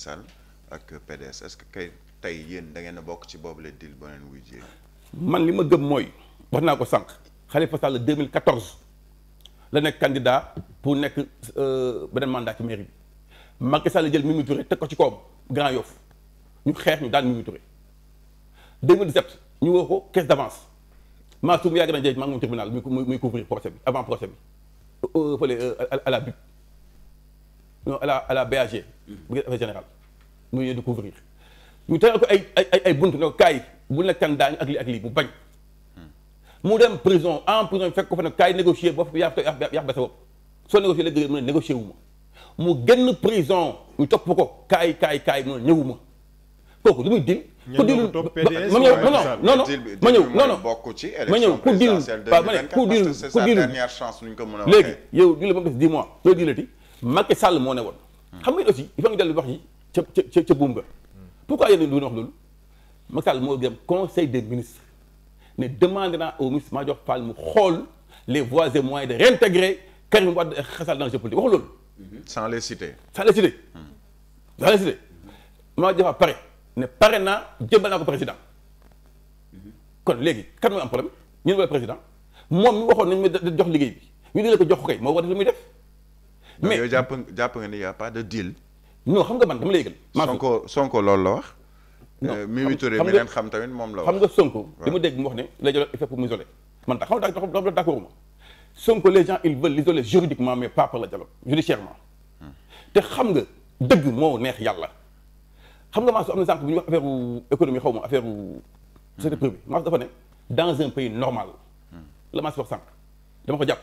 Sall ak PDS est-ce que kay tey yéen da ngeen a bokk ci boobu la dil ba ngeen wuy jiyee. man li ma gëm mooy wax naa ko sànq Khalifa Sall 2014 la nekk candidat pour nekk euh, beneen mandat ci mairie bi Macky Sall jël Mimi Touré teg ko ci kawam Grand Yoff ñu xeex ñu daan Mimi Touré 2017 ñu woo ko caisse d'avance maa suum yàgg na jeej maa ngi moom tribunal muy muy couvrir procès bi avant procès bi euh, fële euh, à non la à la BAG. brigade affaire générale mu ñëw di couvrir ñu tegal ay ay ay buntu ne ko kaay bu la kan daañu ak lii ak lii bu bañ. mu dem prison en prison fekk ko fa ne kaay négocier ba yaa ko yaa ba sa bopp soo négocier léegi mu ne négocier wu ma mu génn prison ñu topp ko kaay kaay kaay mu ne ñëwu ma kooku lu muy dil ku dil ma ñëw non non non ma ñëw non non ma ñëw ku dil waaw ma ne ku dil ku dil léegi yow dil ba mu Macky Sall moo ne woon. xam ngeen aussi il faut nga dellu yi ca ca ca buum a ngi wax loolu Macky Sall moo dem conseil des ministre ne demande naa au ministre Madior Fall mu xool les voies et moyens de réintégrer Karim Wade ak Khalifa Sall dans le jeu politique wax loolu. sans les citer. sans les citer. sans les citer Madior Fall pare ne pare naa jébbal naa ko président kon léegi kan mooy am problème ñun wala président moom mi waxoon nañ ma jox liggéey bi ñu la ko jox ko kay moo war def lu mu def. mais yow jàpp jàpp nga ni y' a pas de deal. non xam nga man dama lay yëgal. maa sonko sonko loolu la wax. non euh, xam Mimi Touré mi leen xam tamit moom la wax. xam nga sonko. dama dégg mu wax ne la jël effet pour m'isoler. man tax xam nga d' accord ma sonko les gens ils veulent l'isoler juridiquement mais pas par le dialogue judiciairement. Hmm. te xam nga dëgg moo neex yàlla. xam nga maa su am na sànq bu ñuy wax affaire économie xaw ma affaire secteur privé maa dafa ne dans un pays normal hmm. la maa si wax dama ko jàpp.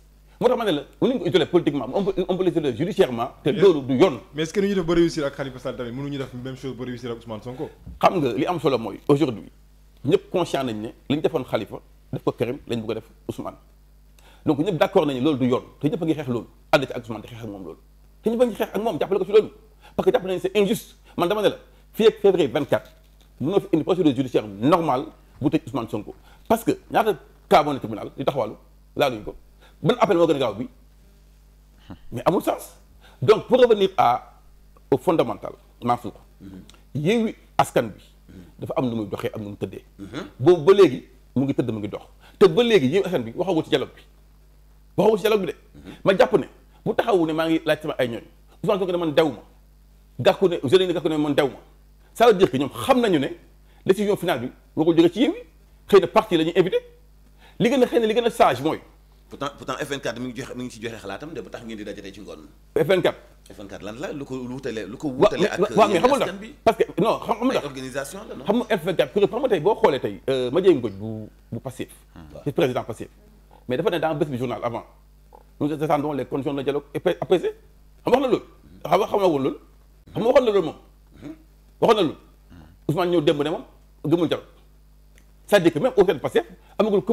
moo tax ma ne la mënuñ ko utiliser politiquement on peut on peut l'utiliser judiciairement te loolu du yoon ba réussir ak Khalifa Sall tamit mënuñu def même chose ba réussir ak Ousmane Sonko xam nga li am solo mooy aujourd'hui ñëpp conscient nañ ne li ñu defoon def ko Karim lañ bëgg def Ousmane donc ñëpp d'accord nañu loolu du yoon te ñëpp a ngi xeex loolu ànd ci ak Ousmane di xeex ak moom loolu te ñëpp ngi xeex ak moom jàppale ko ci loolu parce que jàpp nañu c'est injuste man dama ban appel moo gën a gaaw bi mais amul sens donc pour revenir à au fondamental Mansour mhm. Yewwi Askan bi mhm. dafa am nu muy doxee am nu mu tëddee mhm. boobu ba léegi mu ngi tëdd mu ngi dox te ba léegi Yewwi Askan Wi waxawu ci dialogue bi waxawu ci dialogue bi de ma jàpp ne bu taxawu ne maa ngi laaj sama ay ñooñ Ousmane Sonko ne man dew ma gàkku ne jeune ne gàkku ne man dew ma ça veut dire que ñoom xam nañu ne décision finale bi warul jóge ci Yewwi xëy na parti la ñuy invité li gën a xëy na li gën a sage mooy pourtant pourtant FN4 mi ngi joxe mi ngi ci joxe xalaatam de ba tax ngeen di dajale ci ngoon. FN4. FN4 lan la lu ko wutalee lu ko wutalee ak. waaw mais xamul ndax parce que non xam organisation la non xam nga FN4 xam euh, hmm. de dialogue wax na loolu. xam nga xam na woon loolu. Hmm. xam nga waxoon na loolu moom. Hmm. waxoon na loolu. Ousmane dire que même au sein de Pastef amagul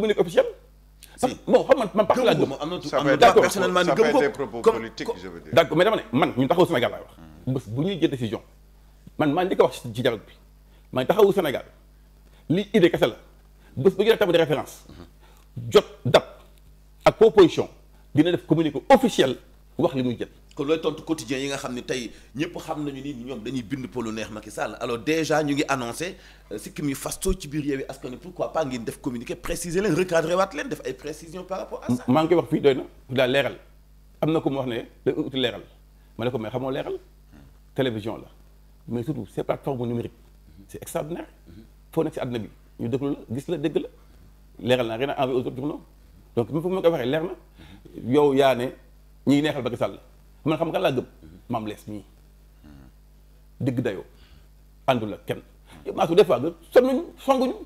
bon xam man man parti laa gëm. d'accord personnellement ni man ñun taxawu Sénégal laay hmm. bu ñuy jël décision man maa ngi ko wax ci dialogue bi man taxawu Sénégal li idée kese la bu ñu def de référence hmm. jot a ak proposition dina def communiqué officiel wax li muy jël. kon looy tontu quotidien yi nga xam ne tey ñëpp xam nañu ni ñoom dañuy bind pour lu neex Macky Sall alors déjà ñu ngi annoncé sikkim euh, yi fasto ci biir Yewwi Askan Wi pourquoi pas ngeen def communiqué préciser leen recadré waat leen def ay précisions par rapport à ça. maa ngi koy wax fii am na ko mu wax ne leeral ma ne ko mais xamoo leeral télévision la mais surtout ces plateformes numériques c'est extraordinaire foo nekk si àdduna bi ñu déglu la gis la dégg la leeral naa rien à envoyer aux donc même fu ma waxee leer na yow yaa ne ñi ngi neexal Macky Sall man xam nga laa gëm maam lees mii digg dayoo àndul ak kenn yow maa su des fois nga sonnuñu songuñu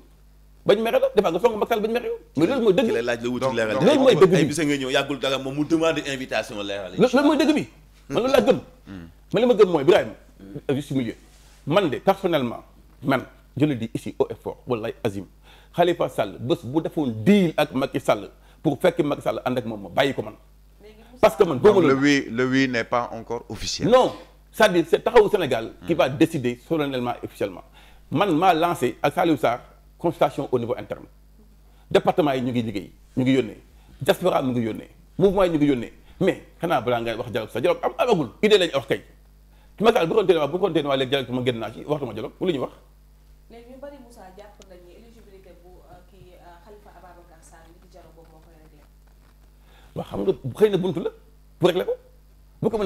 bañ mere la des fois nga songu Macky Sall bañ mere yow mais loolu mooy dëgg bi laaj la wuti leeral mooy dëgg bi ay bisa nga ñëw yàggul dara moom mu demande invitation leeral loolu mooy dëgg bi man loolu laa gëm hmm. man li ma gëm mooy Birahima euh, man de personnellement man je di dis ici haut et fort wallahi azim Khalifa Sall bés bu defoon deal ak Macky Sall pour fekk Macky Sall ànd ak moom ma bàyyi ko man parce que man. donc le oui le oui n'est pas encore officiel. non c'est-à-dire c'est Taxawu Sénégal. qui hmm. va décider solennellement officiellement. man maa lancé ak Saliou Sarr consultation au niveau interne département yi ñu ngi liggéey ñu ngi yónnee diaspora mu ngi yónnee mouvement yi ñu ngi yónnee mais xanaa balaa ngay wax dialogue sa dialogue am amagul idée lañu wax kay ci Macky bu ko bu ko doon naa ci waxtuma dialogue ñu wax. waaw xam nga xëy na buntu la bu régler ko bu ko mën